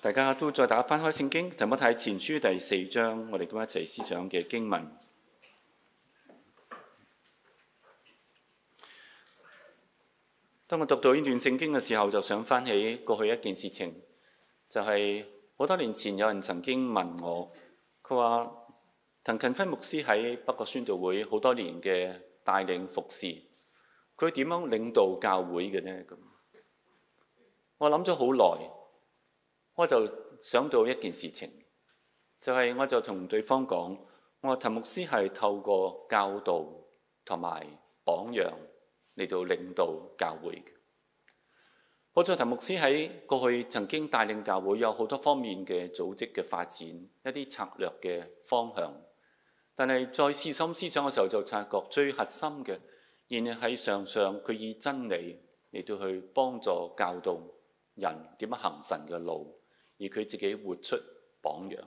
大家都再打翻開聖經，同我睇前書第四章，我哋都一齊思想嘅經文。當我讀到呢段聖經嘅時候，就想翻起過去一件事情，就係、是、好多年前有人曾經問我，佢話滕近輝牧師喺北角宣道會好多年嘅帶領服侍，佢點樣領導教會嘅呢？咁我諗咗好耐。我就想到一件事情，就係、是、我就同對方講，我譚牧師係透過教導同埋榜樣嚟到領導教會嘅。我再譚牧師喺過去曾經帶領教會有好多方面嘅組織嘅發展一啲策略嘅方向，但係再試心思想嘅時候就察覺最核心嘅仍然係上上佢以真理嚟到去幫助教導人點樣行神嘅路。而佢自己活出榜樣，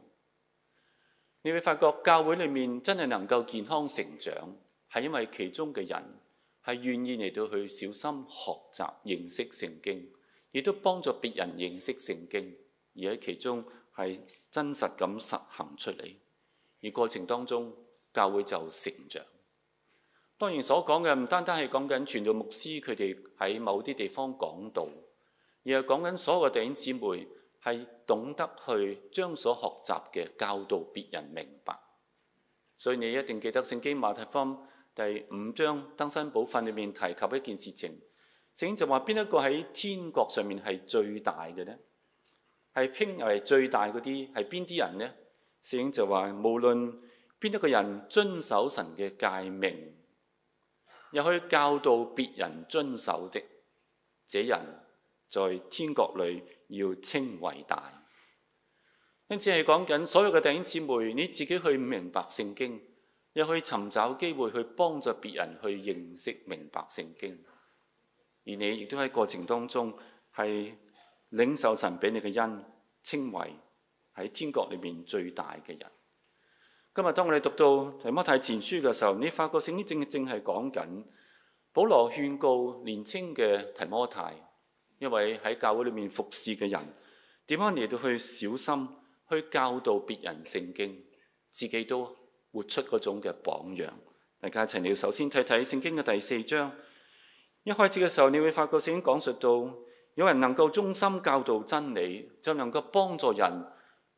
你會發覺教會裏面真係能夠健康成長，係因為其中嘅人係願意嚟到去小心學習認識聖經，亦都幫助別人認識聖經，而喺其中係真實咁實行出嚟。而過程當中，教會就成長。當然所講嘅唔單單係講緊傳道牧師佢哋喺某啲地方講道，而係講緊所有嘅弟兄姊妹。係懂得去將所學習嘅教導別人明白，所以你一定記得聖經馬太福音第五章登山寶訓裏面提及嘅一件事情，聖經就話邊一個喺天國上面係最大嘅呢？係稱為最大嗰啲係邊啲人呢？聖經就話無論邊一個人遵守神嘅誡命，又去教導別人遵守的，這人在天國裏，要稱為大，因此係講緊所有嘅弟兄姊妹，你自己去明白聖經，又可以尋找機會去幫助別人去認識明白聖經，而你亦都喺過程當中係領受神俾你嘅恩，稱為喺天國裏面最大嘅人。今日當我哋讀到提摩太前書嘅時候，你發覺聖經正正係講緊保羅勸告年青嘅提摩太，一位喺教會裏面服侍嘅人，點樣嚟到去小心去教導別人聖經，自己都活出嗰種嘅榜樣。大家一齊，你首先睇睇聖經嘅第四章。一開始嘅時候，你會發覺聖經講述到，有人能夠忠心教導真理，就能夠幫助人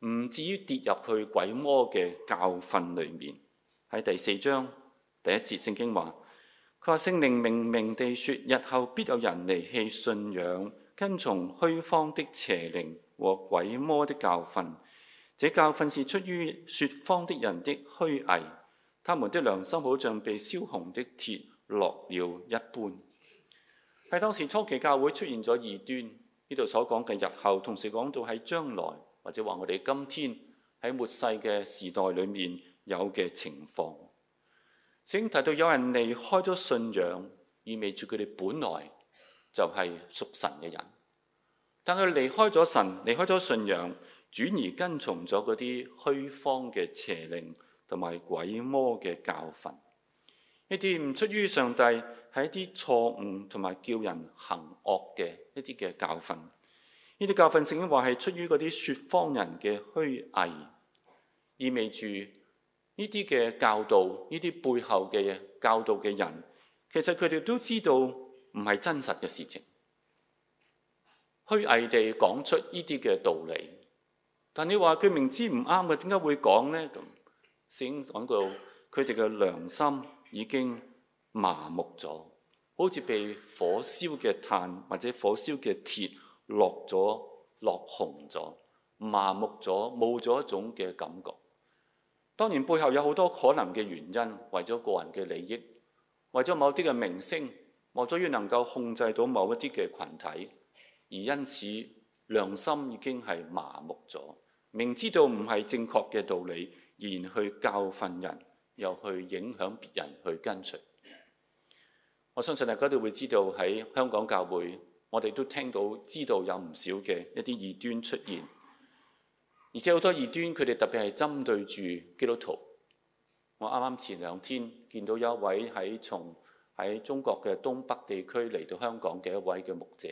唔至於跌入去鬼魔嘅教訓裏面。喺第四章第一節，聖經話。佢話聖靈明明地説，日後必有人離棄信仰，跟從虛謊的邪靈和鬼魔的教訓。這教訓是出於説謊的人的虛偽，他們的良心好像被燒紅的鐵烙了一般。喺當時初期教會出現咗異端，呢度所講嘅日後，同時講到喺將來，或者話我哋今天喺末世嘅時代裏面有嘅情況。聖經提到有人離開咗信仰，意味住佢哋本來就係屬神嘅人，但佢離開咗神、離開咗信仰，轉而跟從咗嗰啲虛荒嘅邪靈同埋鬼魔嘅教訓，呢啲唔出於上帝，係一啲錯誤同埋叫人行惡嘅一啲嘅教訓。呢啲教訓聖經話係出於嗰啲説謊人嘅虛偽，意味住。呢啲嘅教導，呢啲背後嘅教導嘅人，其實佢哋都知道唔係真實嘅事情，虛偽地講出呢啲嘅道理。但你話佢明知唔啱嘅，點解會講呢？咁先講到佢哋嘅良心已經麻木咗，好似被火燒嘅炭或者火燒嘅鐵落咗落紅咗，麻木咗冇咗一種嘅感覺。當然背後有好多可能嘅原因，為咗個人嘅利益，為咗某啲嘅名聲，為咗要能夠控制到某一啲嘅群體，而因此良心已經係麻木咗，明知道唔係正確嘅道理，而去教訓人，又去影響別人去跟隨。我相信大家都會知道喺香港教會，我哋都聽到知道有唔少嘅一啲異端出現。而且好多異端，佢哋特別係針對住基督徒。我啱啱前兩天見到有一位喺從喺中國嘅東北地區嚟到香港嘅一位嘅牧者，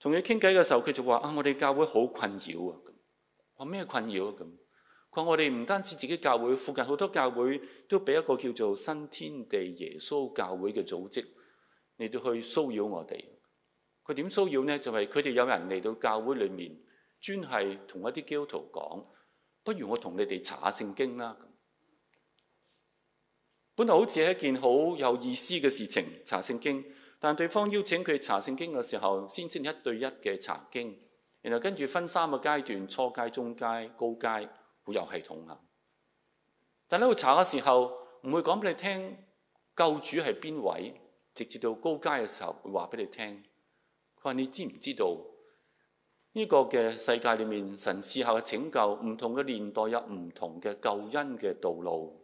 同佢傾偈嘅時候，佢就話：啊，我哋教會好困擾啊！話咩困擾啊？咁佢話：我哋唔單止自己教會，附近好多教會都俾一個叫做新天地耶穌教會嘅組織嚟到去騷擾我哋。佢點騷擾呢？就係佢哋有人嚟到教會裏面。專係同一啲基督徒講，不如我同你哋查下聖經啦。本來好似係一件好有意思嘅事情，查聖經。但對方邀請佢查聖經嘅時候，先先一對一嘅查經，然後跟住分三個階段：初階、中階、高階，好有系統啊。但喺度查嘅時候，唔會講俾你聽救主係邊位。直至到高階嘅時候會，會話俾你聽。佢話：你知唔知道？呢個嘅世界裏面，神賜下嘅拯救，唔同嘅年代有唔同嘅救恩嘅道路。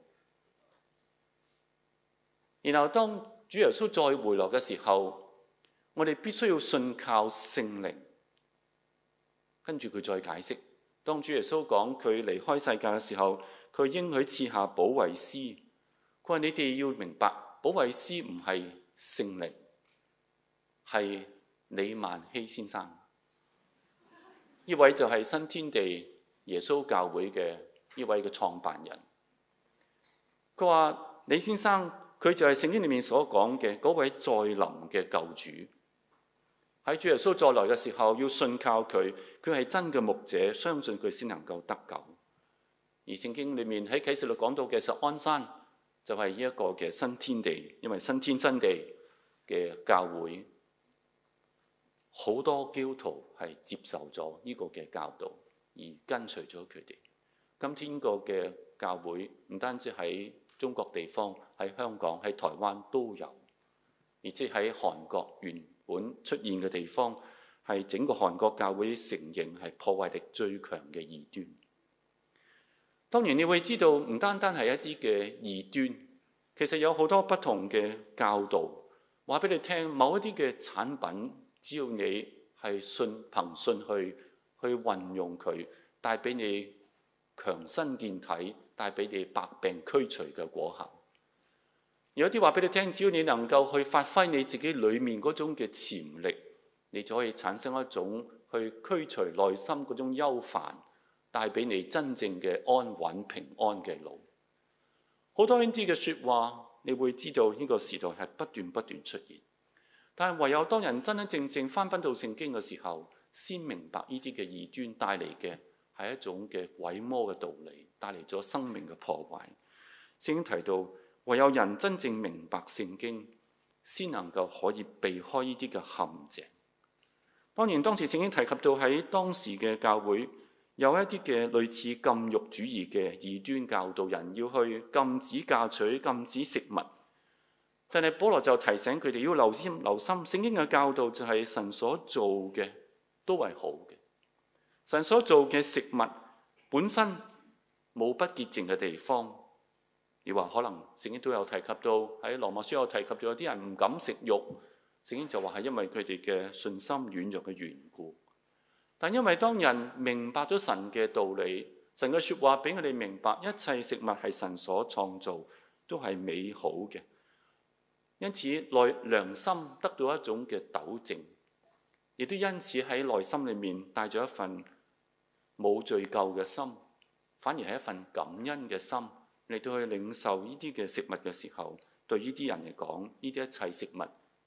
然後當主耶穌再回來嘅時候，我哋必須要信靠聖靈。跟住佢再解釋，當主耶穌講佢離開世界嘅時候，佢應許賜下保惠師。佢話你哋要明白，保惠師唔係聖靈，係李萬熙先生。呢位就係新天地耶穌教會嘅呢位嘅創辦人。佢話：李先生佢就係聖經裏面所講嘅嗰位再臨嘅救主。喺主耶穌再來嘅時候，要信靠佢，佢係真嘅牧者，相信佢先能夠得救。而聖經裏面喺啟示錄講到嘅錫安山，就係、是、呢一個嘅新天地，因為新天新地嘅教會。好多基督徒係接受咗呢個嘅教導，而跟隨咗佢哋。今天個嘅教會唔單止喺中國地方，喺香港、喺台灣都有，而且喺韓國原本出現嘅地方，係整個韓國教會承認係破壞力最強嘅異端。當然，你會知道唔單單係一啲嘅異端，其實有好多不同嘅教導。話俾你聽，某一啲嘅產品。只要你係信憑信去去運用佢，帶俾你強身健體，帶俾你百病驅除嘅果效。有啲話俾你聽，只要你能夠去發揮你自己裏面嗰種嘅潛力，你就可以產生一種去驅除內心嗰種憂煩，帶俾你真正嘅安穩平安嘅路。好多呢啲嘅説話，你會知道呢個時代係不斷不斷出現。但係，唯有當人真真正正翻返到聖經嘅時候，先明白呢啲嘅異端帶嚟嘅係一種嘅鬼魔嘅道理，帶嚟咗生命嘅破壞。聖經提到，唯有人真正明白聖經，先能夠可以避開呢啲嘅陷阱。當然，當時聖經提及到喺當時嘅教會，有一啲嘅類似禁欲主義嘅異端教導人要去禁止嫁娶、禁止食物。但係保羅就提醒佢哋要留心、留心，聖經嘅教導就係神所做嘅都係好嘅。神所做嘅食物本身冇不潔淨嘅地方。你話可能聖經都有提及到，喺羅馬書有提及到有啲人唔敢食肉，聖經就話係因為佢哋嘅信心軟弱嘅緣故。但因為當人明白咗神嘅道理，神嘅說話俾佢哋明白，一切食物係神所創造，都係美好嘅。因此內良心得到一種嘅糾正，亦都因此喺內心裏面帶咗一份冇罪疚嘅心，反而係一份感恩嘅心，嚟到去領受呢啲嘅食物嘅時候，對呢啲人嚟講，呢啲一切食物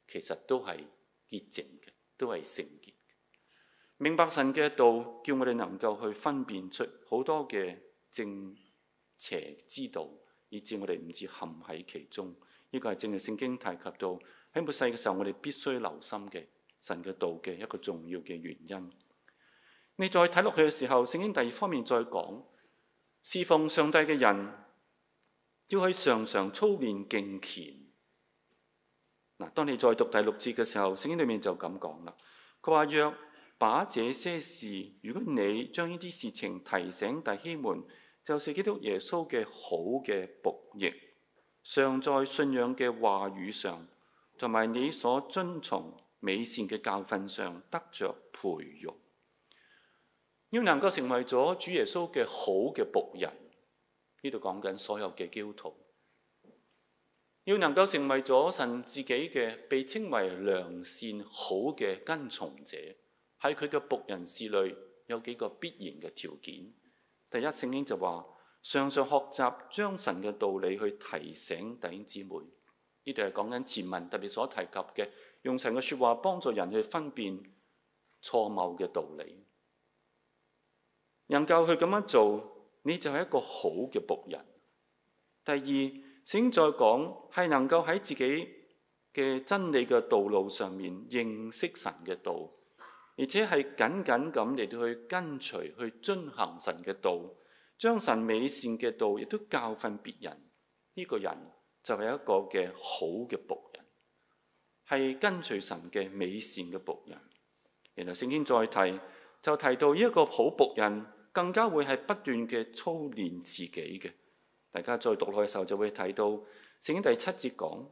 其實都係潔淨嘅，都係聖潔。明白神嘅道，叫我哋能夠去分辨出好多嘅正邪之道，以致我哋唔知陷喺其中。呢個係正係聖經提及到喺末世嘅時候，我哋必須留心嘅神嘅道嘅一個重要嘅原因。你再睇落去嘅時候，聖經第二方面再講侍奉上帝嘅人要去常常操練敬虔。嗱，當你再讀第六節嘅時候，聖經裏面就咁講啦。佢話：若把這些事，如果你將呢啲事情提醒弟兄們，就是基督耶穌嘅好嘅僕役。常在信仰嘅話語上，同埋你所遵從美善嘅教訓上得着培育，要能夠成為咗主耶穌嘅好嘅僕人。呢度講緊所有嘅基督徒，要能夠成為咗神自己嘅被稱為良善好嘅跟從者，喺佢嘅僕人事內有幾個必然嘅條件。第一，聖經就話。常常學習將神嘅道理去提醒弟兄姊妹，呢度係講緊前文特別所提及嘅，用神嘅説話幫助人去分辨錯謬嘅道理，能夠去咁樣做，你就係一個好嘅僕人。第二，請再講，係能夠喺自己嘅真理嘅道路上面認識神嘅道，而且係緊緊咁嚟到去跟隨去遵行神嘅道。將神美善嘅道，亦都教訓別人。呢、這個人就係一個嘅好嘅僕人，係跟隨神嘅美善嘅僕人。然後聖經再提，就提到呢一個好僕人，更加會係不斷嘅操練自己嘅。大家再讀落嘅時候就會睇到，聖經第七節講，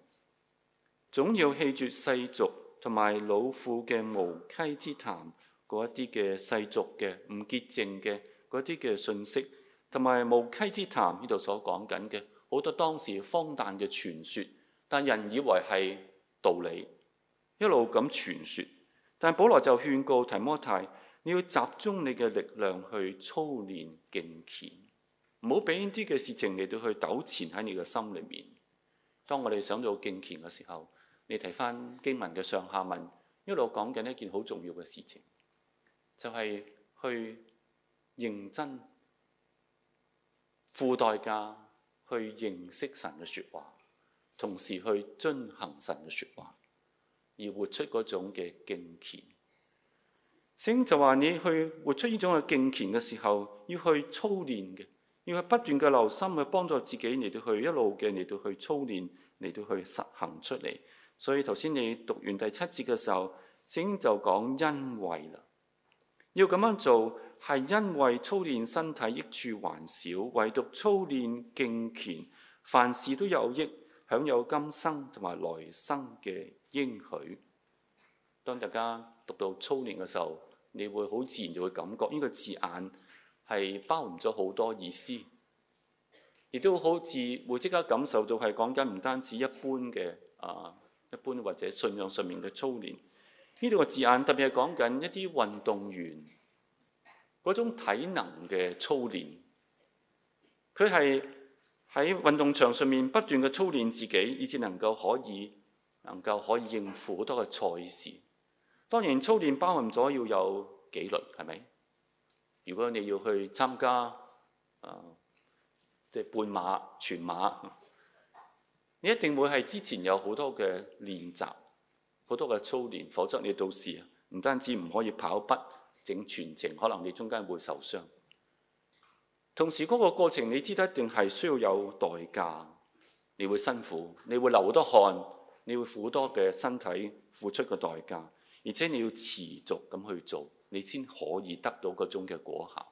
總要棄絕世俗同埋老婦嘅無稽之談，嗰一啲嘅世俗嘅唔潔淨嘅嗰啲嘅信息。同埋無稽之談呢度所講緊嘅，好多當時荒誕嘅傳説，但人以為係道理，一路咁傳説。但保羅就勸告提摩太，你要集中你嘅力量去操練敬虔，唔好俾呢啲嘅事情嚟到去糾纏喺你嘅心裏面。當我哋想到敬虔嘅時候，你提翻經文嘅上下文，一路講緊一件好重要嘅事情，就係去認真。付代價去認識神嘅說話，同時去遵行神嘅說話，而活出嗰種嘅敬虔。聖經就話你去活出呢種嘅敬虔嘅時候，要去操練嘅，要去不斷嘅留心去幫助自己嚟到去一路嘅嚟到去操練嚟到去實行出嚟。所以頭先你讀完第七節嘅時候，聖經就講因為啦，要咁樣做。係因為操練身體益處還少，唯獨操練敬虔，凡事都有益，享有今生同埋來生嘅應許。當大家讀到操練嘅時候，你會好自然就會感覺呢個字眼係包含咗好多意思，亦都好似會即刻感受到係講緊唔單止一般嘅啊一般或者信仰上面嘅操練。呢度嘅字眼特別係講緊一啲運動員。嗰種體能嘅操練，佢係喺運動場上面不斷嘅操練自己，以至能夠可以能夠可以應付好多嘅賽事。當然操練包含咗要有紀律，係咪？如果你要去參加呃、即係半馬、全馬，你一定會係之前有好多嘅練習、好多嘅操練，否則你到時唔單止唔可以跑步。整全程可能你中間會受傷，同時嗰個過程你知得一定係需要有代價，你會辛苦，你會流好多汗，你會付多嘅身體付出嘅代價，而且你要持續咁去做，你先可以得到嗰種嘅果效。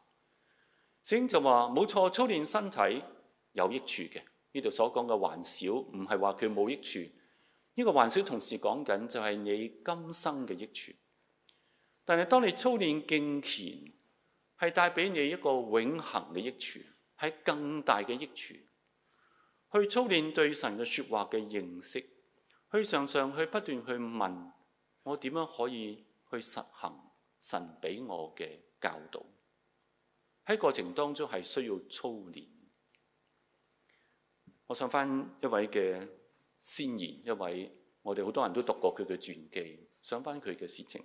聖經就話：冇錯，操練身體有益處嘅。呢度所講嘅還少，唔係話佢冇益處。呢、這個還少，同時講緊就係你今生嘅益處。但係，當你操練敬虔，係帶俾你一個永恆嘅益處，係更大嘅益處。去操練對神嘅說話嘅認識，去常常去不斷去問我點樣可以去實行神俾我嘅教導。喺過程當中係需要操練。我想翻一位嘅先賢，一位我哋好多人都讀過佢嘅傳記，想翻佢嘅事情。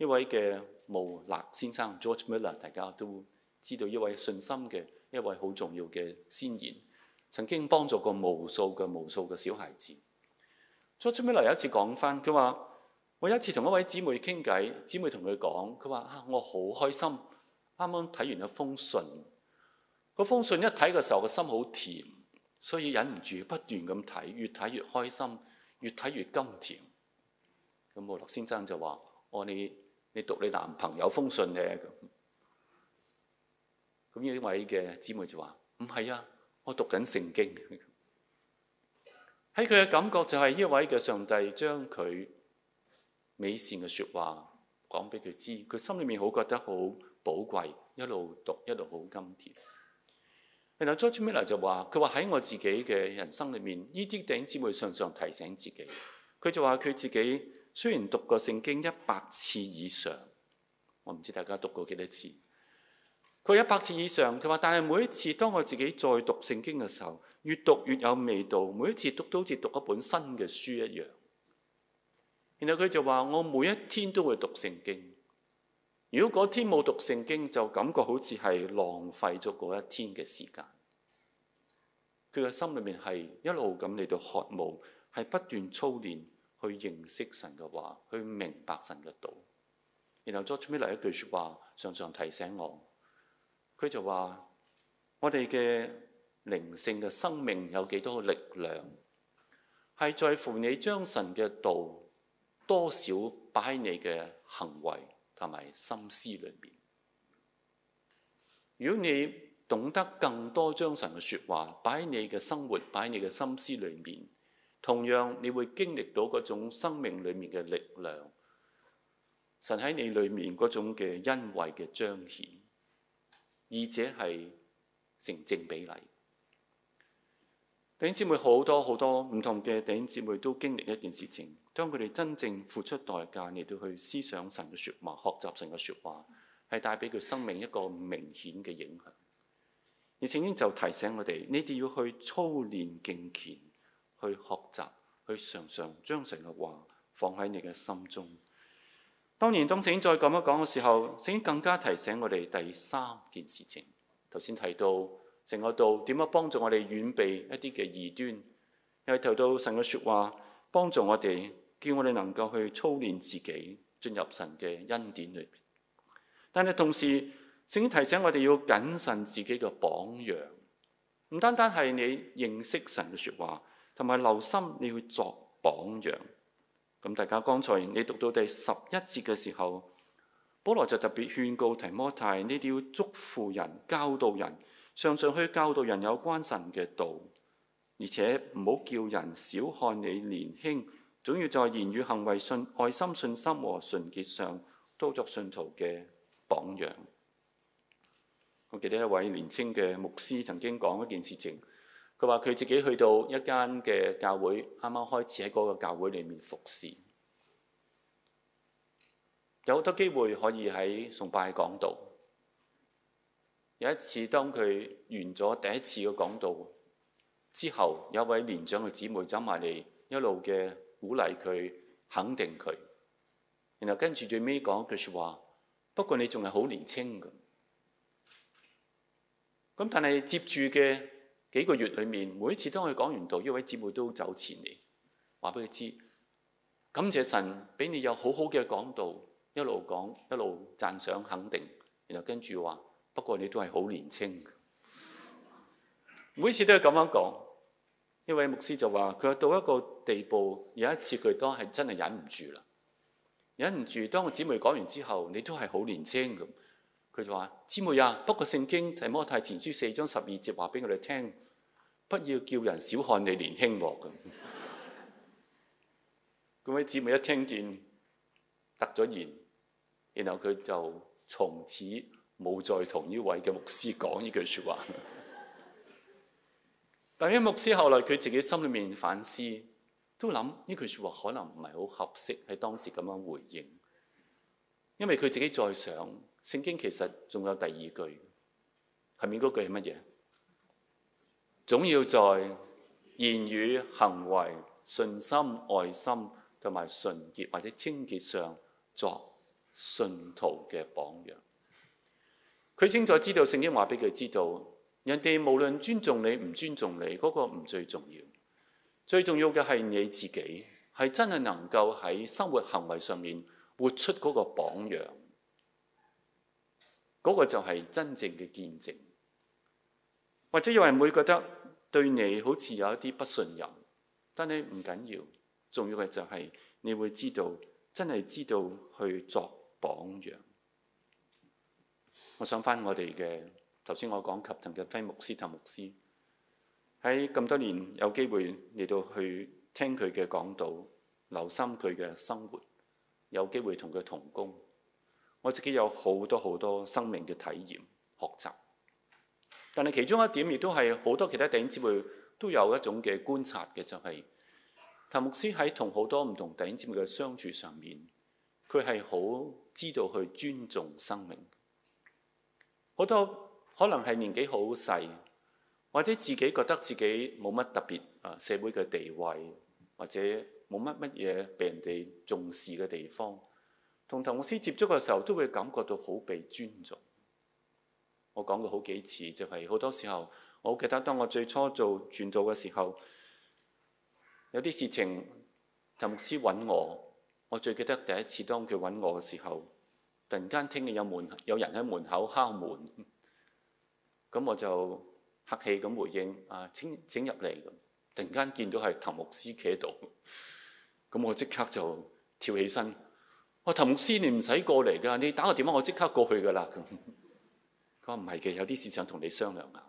一位嘅慕勒先生 George Miller，大家都知道一位信心嘅一位好重要嘅先賢，曾經幫助過無數嘅無數嘅小孩子。George Miller 有一次講翻，佢話：我有一次同一位姊妹傾偈，姊妹同佢講，佢話：啊，我好開心，啱啱睇完一封信，嗰封信一睇嘅時候個心好甜，所以忍唔住不斷咁睇，越睇越開心，越睇越甘甜。咁慕勒先生就話：我哋。你讀你男朋友封信咧咁，咁呢位嘅姊妹就話：唔係啊，我讀緊聖經。喺佢嘅感覺就係呢位嘅上帝將佢美善嘅説話講俾佢知，佢心裏面好覺得好寶貴，一路讀一路好甘甜。然後 George Miller 就話：佢話喺我自己嘅人生裏面，呢啲弟兄姊妹常常提醒自己，佢就話佢自己。雖然讀過聖經一百次以上，我唔知大家讀過幾多次。佢一百次以上，佢話，但係每一次當我自己再讀聖經嘅時候，越讀越有味道，每一次讀都好似讀一本新嘅書一樣。然後佢就話我每一天都會讀聖經。如果嗰天冇讀聖經，就感覺好似係浪費咗嗰一天嘅時間。佢嘅心裏面係一路咁嚟到渴慕，係不斷操練。去認識神嘅話，去明白神嘅道，然後再出面嚟一句説話，常常提醒我。佢就話：我哋嘅靈性嘅生命有幾多力量，係在乎你將神嘅道多少擺喺你嘅行為同埋心思裏面。如果你懂得更多將神嘅説話擺喺你嘅生活、擺喺你嘅心思裏面。同樣，你會經歷到嗰種生命裏面嘅力量，神喺你裏面嗰種嘅恩惠嘅彰顯，二者係成正比例。弟兄姊妹，好多好多唔同嘅弟兄姊妹都經歷一件事情，當佢哋真正付出代價嚟到去思想神嘅説話，學習神嘅説話，係帶俾佢生命一個明顯嘅影響。而聖經就提醒我哋，你哋要去操練敬虔。去學習，去常常將神嘅話放喺你嘅心中。當然當聖經再咁樣講嘅時候，聖經更加提醒我哋第三件事情。頭先提到神嘅道點樣幫助我哋遠避一啲嘅異端，又提到神嘅說話幫助我哋，叫我哋能夠去操練自己進入神嘅恩典裏邊。但係同時，聖經提醒我哋要謹慎自己嘅榜樣，唔單單係你認識神嘅說話。同埋留心，你去作榜樣。咁大家剛才你讀到第十一節嘅時候，保羅就特別勸告提摩太，你哋要祝福人、教導人，上上去教導人有關神嘅道，而且唔好叫人小看你年輕，總要在言語、行為、信、愛心、信心和純潔上都作信徒嘅榜樣。我記得一位年青嘅牧師曾經講一件事情。佢話：佢自己去到一間嘅教會，啱啱開始喺嗰個教會裡面服侍。有好多機會可以喺崇拜講道。有一次，當佢完咗第一次嘅講道之後，有位年長嘅姊妹走埋嚟，一路嘅鼓勵佢、肯定佢，然後跟住最尾講一句説話：「不過你仲係好年青㗎。咁但係接住嘅幾個月裏面，每一次當佢講完道，呢位姐妹都走前嚟，話俾佢知，感謝神俾你有好好嘅講道，一路講一路讚賞肯定，然後跟住話不過你都係好年輕。每次都係咁樣講，一位牧師就話佢到一個地步，有一次佢當係真係忍唔住啦，忍唔住當個姊妹講完之後，你都係好年輕咁。佢就話：姊妹啊，不過聖經提摩太前書四章十二節話俾我哋聽，不要叫人小看你年輕喎。咁嗰位姊妹一聽見，突咗言，然後佢就從此冇再同呢位嘅牧師講呢句説話。 但因牧師後來佢自己心裏面反思，都諗呢句説話可能唔係好合適喺當時咁樣回應，因為佢自己再想。聖經其實仲有第二句，後面嗰句係乜嘢？總要在言語、行為、信心、愛心同埋純潔或者清潔上作信徒嘅榜樣。佢清楚知道聖經話俾佢知道，人哋無論尊重你唔尊重你，嗰個唔最重要，最重要嘅係你自己，係真係能夠喺生活行為上面活出嗰個榜樣。嗰個就係真正嘅見證，或者有人會覺得對你好似有一啲不信任，但你唔緊要，重要嘅就係你會知道，真係知道去作榜樣。我想翻我哋嘅頭先，我講及滕嘅菲牧斯滕牧師，喺咁多年有機會嚟到去聽佢嘅講道，留心佢嘅生活，有機會同佢同工。我自己有好多好多生命嘅體驗學習，但係其中一點亦都係好多其他弟兄姊妹都有一種嘅觀察嘅，就係譚牧師喺同好多唔同弟兄姊妹嘅相處上面，佢係好知道去尊重生命。好多可能係年紀好細，或者自己覺得自己冇乜特別啊，社會嘅地位，或者冇乜乜嘢被人哋重視嘅地方。同滕牧師接觸嘅時候，都會感覺到好被尊重。我講過好幾次，就係、是、好多時候，我記得當我最初做傳道嘅時候，有啲事情滕牧師揾我，我最記得第一次當佢揾我嘅時候，突然間聽見有門有人喺門口敲門，咁我就客氣咁回應：啊，請請入嚟。咁突然間見到係滕牧師企喺度，咁我即刻就跳起身。我頭先，你唔使過嚟噶，你打個電話，我即刻過去噶啦。佢話唔係嘅，有啲事想同你商量下。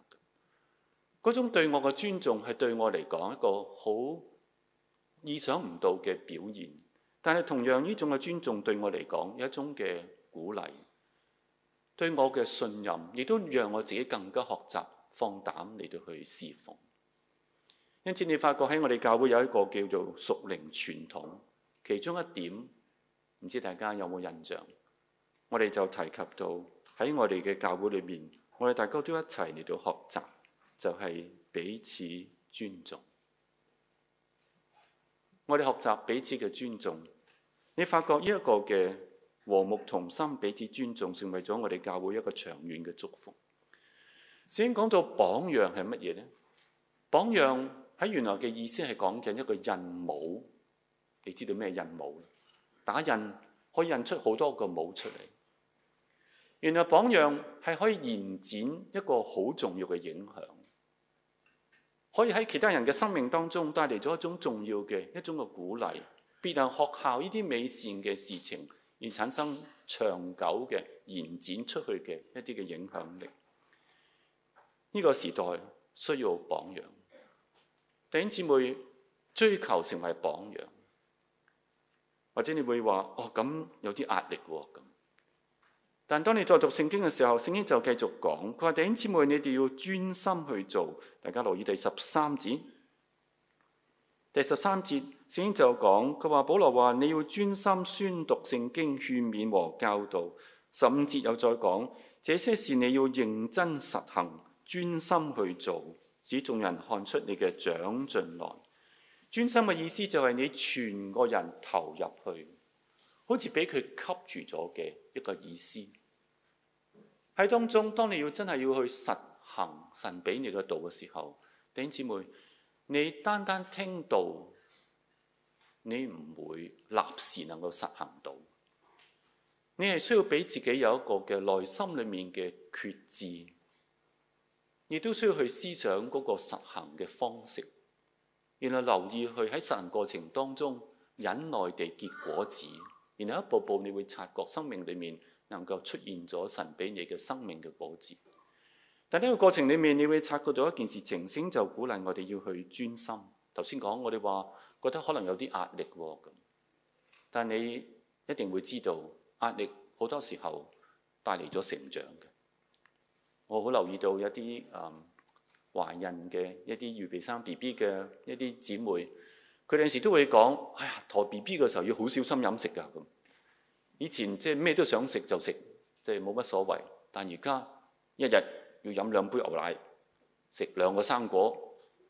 嗰種對我嘅尊重，係對我嚟講一個好意想唔到嘅表現。但係同樣呢種嘅尊重對，對我嚟講有一種嘅鼓勵，對我嘅信任，亦都讓我自己更加學習放膽嚟到去侍奉。因此，你發覺喺我哋教會有一個叫做屬靈傳統，其中一點。唔知大家有冇印象？我哋就提及到喺我哋嘅教會裏面，我哋大家都一齊嚟到學習，就係、是、彼此尊重。我哋學習彼此嘅尊重，你發覺呢一個嘅和睦同心、彼此尊重，成為咗我哋教會一個長遠嘅祝福。先講到榜樣係乜嘢咧？榜樣喺原來嘅意思係講緊一個印模，你知道咩印模？打印可以印出好多個模出嚟，原來榜樣係可以延展一個好重要嘅影響，可以喺其他人嘅生命當中帶嚟咗一種重要嘅一種嘅鼓勵，別人學效呢啲美善嘅事情而產生長久嘅延展出去嘅一啲嘅影響力。呢個時代需要榜樣，弟兄姊妹追求成為榜樣。或者你會話，哦，咁有啲壓力喎、哦、咁，但當你再讀聖經嘅時候，聖經就繼續講佢話，弟兄姊妹，你哋要專心去做。大家留意第十三節，第十三節聖經就講佢話，保羅話你要專心宣讀聖經、勸勉和教導。十五節又再講，這些事你要認真實行、專心去做，使眾人看出你嘅長進來。專心嘅意思就係你全個人投入去，好似俾佢吸住咗嘅一個意思。喺當中，當你要真係要去實行神俾你嘅道嘅時候，弟兄姊妹，你單單聽道，你唔會立時能夠實行到。你係需要俾自己有一個嘅內心裏面嘅決志，亦都需要去思想嗰個實行嘅方式。原來留意去喺神過程當中，忍耐地結果子，然後一步步你會察覺生命裏面能夠出現咗神俾你嘅生命嘅果子。但呢個過程裏面，你會察覺到一件事情，先就鼓勵我哋要去專心。頭先講我哋話覺得可能有啲壓力喎、哦、咁，但你一定會知道壓力好多時候帶嚟咗成長嘅。我好留意到一啲誒，嗯懷孕嘅一啲預備生 B B 嘅一啲姊妹，佢有陣時都會講：哎呀，陀 B B 嘅時候要好小心飲食㗎咁。以前即係咩都想食就食，即係冇乜所謂。但而家一日要飲兩杯牛奶，食兩個生果，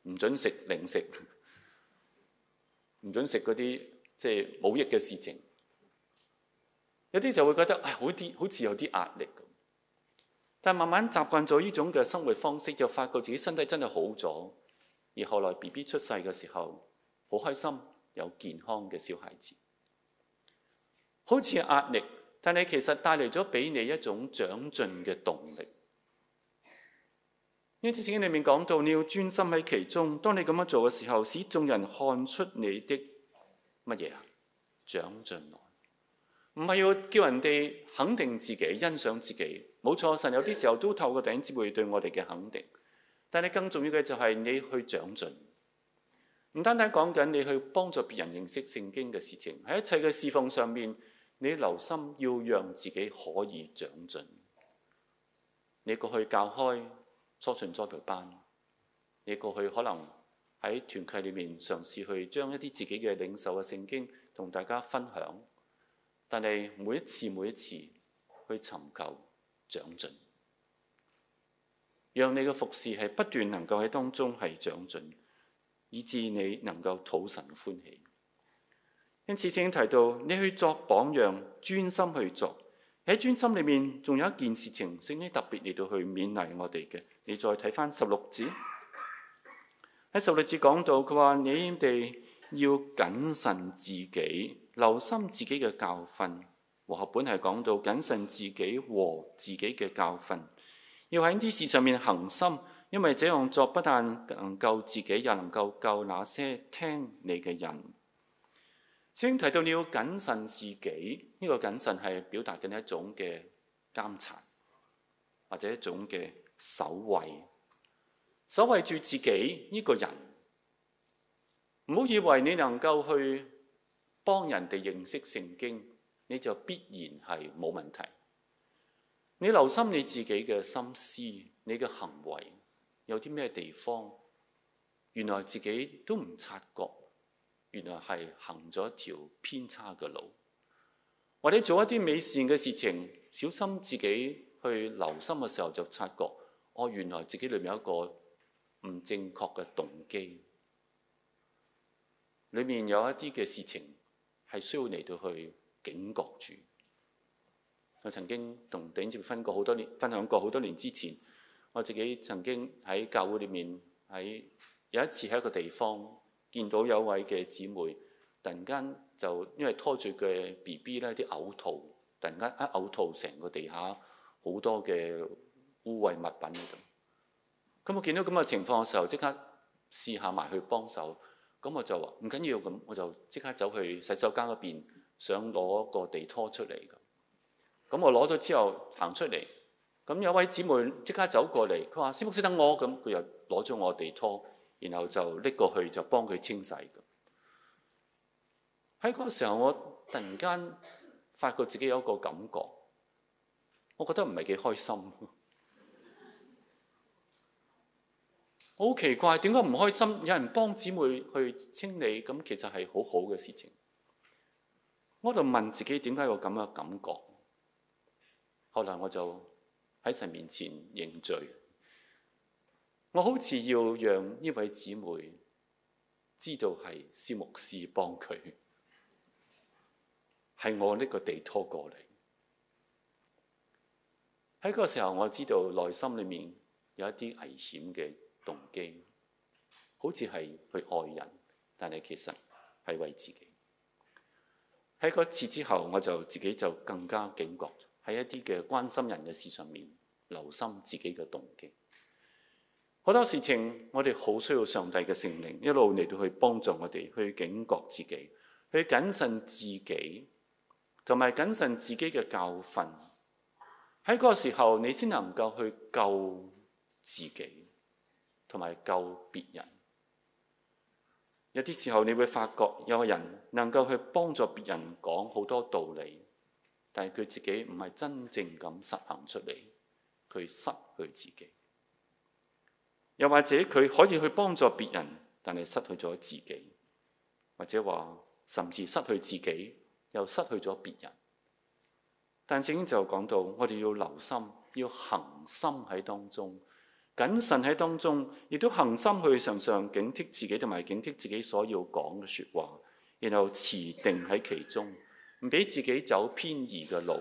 唔準食零食，唔準食嗰啲即係冇益嘅事情。有啲就會覺得，哎，好啲好似有啲壓力。但慢慢習慣咗呢種嘅生活方式，就發覺自己身體真係好咗。而後來 BB 出世嘅時候，好開心，有健康嘅小孩子，好似壓力，但係其實帶嚟咗俾你一種長進嘅動力。呢啲聖經裏面講到，你要專心喺其中。當你咁樣做嘅時候，使眾人看出你的乜嘢啊？長進。唔係要叫人哋肯定自己，欣賞自己，冇錯。神有啲時候都透過弟兄姊妹對我哋嘅肯定，但係更重要嘅就係你去長進。唔單單講緊你去幫助別人認識聖經嘅事情，喺一切嘅侍奉上面，你留心要讓自己可以長進。你過去教開初信栽培班，你過去可能喺團契裏面嘗試去將一啲自己嘅領受嘅聖經同大家分享。但係每一次，每一次去尋求長進，讓你嘅服侍係不斷能夠喺當中係長進，以致你能夠討神歡喜。因此聖經提到，你去作榜樣，專心去作。喺專心裏面，仲有一件事情聖經特別嚟到去勉勵我哋嘅。你再睇翻十六節，喺十六節講到，佢話你哋要謹慎自己。留心自己嘅教訓，和合本係講到謹慎自己和自己嘅教訓，要喺呢啲事上面恒心，因為這樣做不但能夠救自己，也能夠救那些聽你嘅人。先提到你要謹慎自己，呢、這個謹慎係表達緊一種嘅監察，或者一種嘅守衛，守衛住自己呢、這個人。唔好以為你能夠去。幫人哋認識聖經，你就必然係冇問題。你留心你自己嘅心思、你嘅行為，有啲咩地方，原來自己都唔察覺，原來係行咗一條偏差嘅路，或者做一啲美善嘅事情，小心自己去留心嘅時候就察覺，哦，原來自己裏面有一個唔正確嘅動機，裏面有一啲嘅事情。係需要嚟到去警覺住。我曾經同弟兄姊妹分過好多年，分享過好多年之前，我自己曾經喺教會裏面，喺有一次喺一個地方見到有位嘅姊妹，突然間就因為拖住嘅 B B 呢，啲嘔吐，突然間一嘔吐，成個地下好多嘅污穢物品。咁，我見到咁嘅情況嘅時候，即刻試下埋去幫手。咁我就話唔緊要咁，我就即刻走去洗手間嗰邊，想攞個地拖出嚟咁。咁我攞咗之後行出嚟，咁有位姊妹即刻走過嚟，佢話：師傅識得我咁，佢又攞咗我地拖，然後就拎過去就幫佢清洗。喺嗰個時候，我突然間發覺自己有一個感覺，我覺得唔係幾開心。好奇怪，點解唔開心？有人幫姊妹去清理，咁其實係好好嘅事情。我喺度問自己，點解有咁嘅感覺？後來我就喺神面前認罪。我好似要讓呢位姊妹知道係蕭牧師幫佢，係我呢個地拖過嚟。喺嗰個時候，我知道內心裡面有一啲危險嘅。動機好似係去愛人，但係其實係為自己。喺嗰次之後，我就自己就更加警覺，喺一啲嘅關心人嘅事上面留心自己嘅動機。好多事情我哋好需要上帝嘅聖靈一路嚟到去幫助我哋去警覺自己，去謹慎自己，同埋謹慎自己嘅教訓。喺嗰個時候，你先能夠去救自己。同埋救別人。有啲時候你會發覺有個人能夠去幫助別人，講好多道理，但係佢自己唔係真正咁實行出嚟，佢失去自己。又或者佢可以去幫助別人，但係失去咗自己，或者話甚至失去自己，又失去咗別人。但正經就講到，我哋要留心，要恒心喺當中。謹慎喺當中，亦都恒心去常常警惕自己同埋警惕自己所要講嘅説話，然後持定喺其中，唔俾自己走偏移嘅路。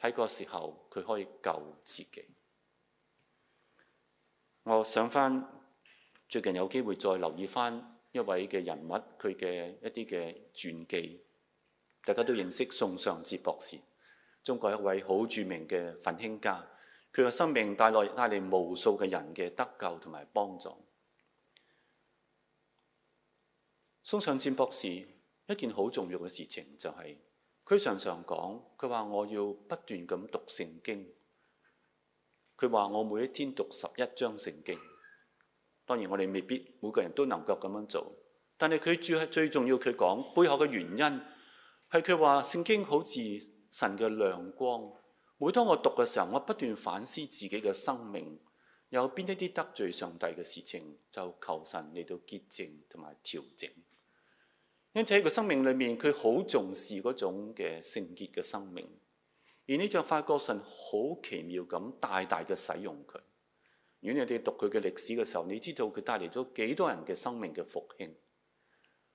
喺個時候，佢可以救自己。我想翻最近有機會再留意翻一位嘅人物，佢嘅一啲嘅傳記，大家都認識宋尚節博士，中國一位好著名嘅奮興家。佢嘅生命帶來帶嚟無數嘅人嘅得救同埋幫助。宋尚節博士一件好重要嘅事情就係、是，佢常常講，佢話我要不斷咁讀聖經。佢話我每一天讀十一章聖經。當然我哋未必每個人都能夠咁樣做，但係佢最最重要，佢講背後嘅原因係佢話聖經好似神嘅亮光。每當我讀嘅時候，我不斷反思自己嘅生命有邊一啲得罪上帝嘅事情，就求神嚟到潔淨同埋調整。因此喺個生命裏面，佢好重視嗰種嘅聖潔嘅生命。而呢就發覺神好奇妙咁大大嘅使用佢。如果你哋讀佢嘅歷史嘅時候，你知道佢帶嚟咗幾多人嘅生命嘅復興，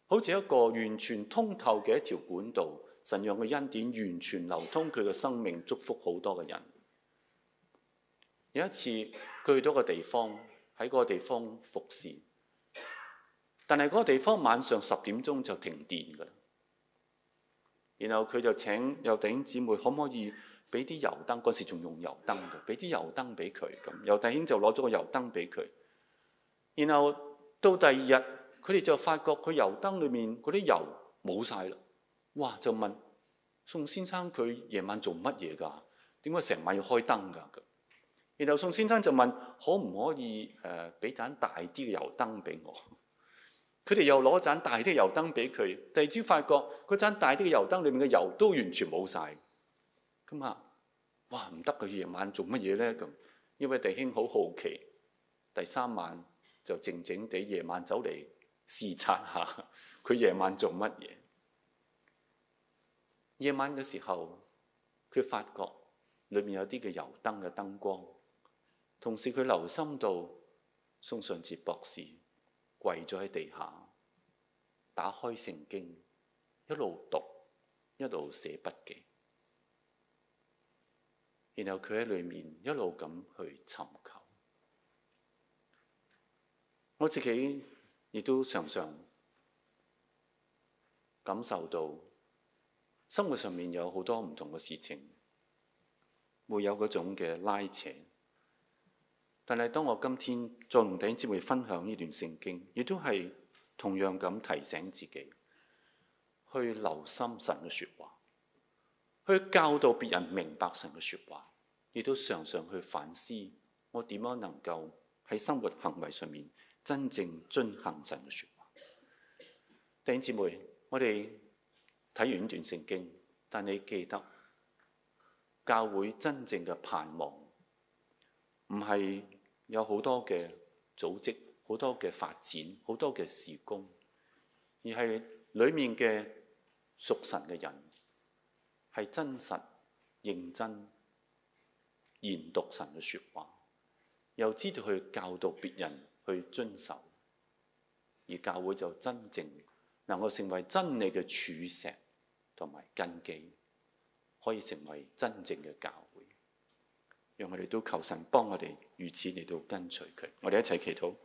好似一個完全通透嘅一條管道。神讓佢恩典完全流通佢嘅生命，祝福好多嘅人。有一次，佢去到個地方，喺個地方服事，但係嗰個地方晚上十點鐘就停電㗎啦。然後佢就請有弟兄姊妹可唔可以俾啲油燈，嗰時仲用油燈嘅，俾啲油燈俾佢。咁有弟兄就攞咗個油燈俾佢。然後到第二日，佢哋就發覺佢油燈裡面嗰啲油冇晒啦。哇！就問宋先生佢夜晚做乜嘢㗎？點解成晚要開燈㗎？然後宋先生就問：可唔可以誒俾盞大啲嘅油燈俾我？佢 哋又攞盞大啲嘅油燈俾佢。第二朝發覺嗰盞大啲嘅油燈裏面嘅油都完全冇晒。咁啊，哇！唔得，佢夜晚做乜嘢咧？咁呢位弟兄好好奇，第三晚就靜靜地夜晚走嚟視察下佢夜晚做乜嘢。夜晚嘅時候，佢發覺裏面有啲嘅油燈嘅燈光，同時佢留心到宋尚哲博士跪咗喺地下，打開聖經，一路讀一路寫筆記，然後佢喺裏面一路咁去尋求。我自己亦都常常感受到。生活上面有好多唔同嘅事情，會有嗰種嘅拉扯。但係當我今天再同弟兄姊妹分享呢段聖經，亦都係同樣咁提醒自己，去留心神嘅説話，去教導別人明白神嘅説話，亦都常常去反思我點樣能夠喺生活行為上面真正遵行神嘅説話。弟兄姊妹，我哋。睇完段聖經，但你記得，教會真正嘅盼望，唔係有好多嘅組織、好多嘅發展、好多嘅事工，而係裡面嘅屬神嘅人係真實、認真研讀神嘅説話，又知道去教導別人去遵守，而教會就真正能夠成為真理嘅柱石。同埋根基，可以成為真正嘅教會，讓我哋都求神幫我哋如此嚟到跟隨佢。我哋一齊祈禱。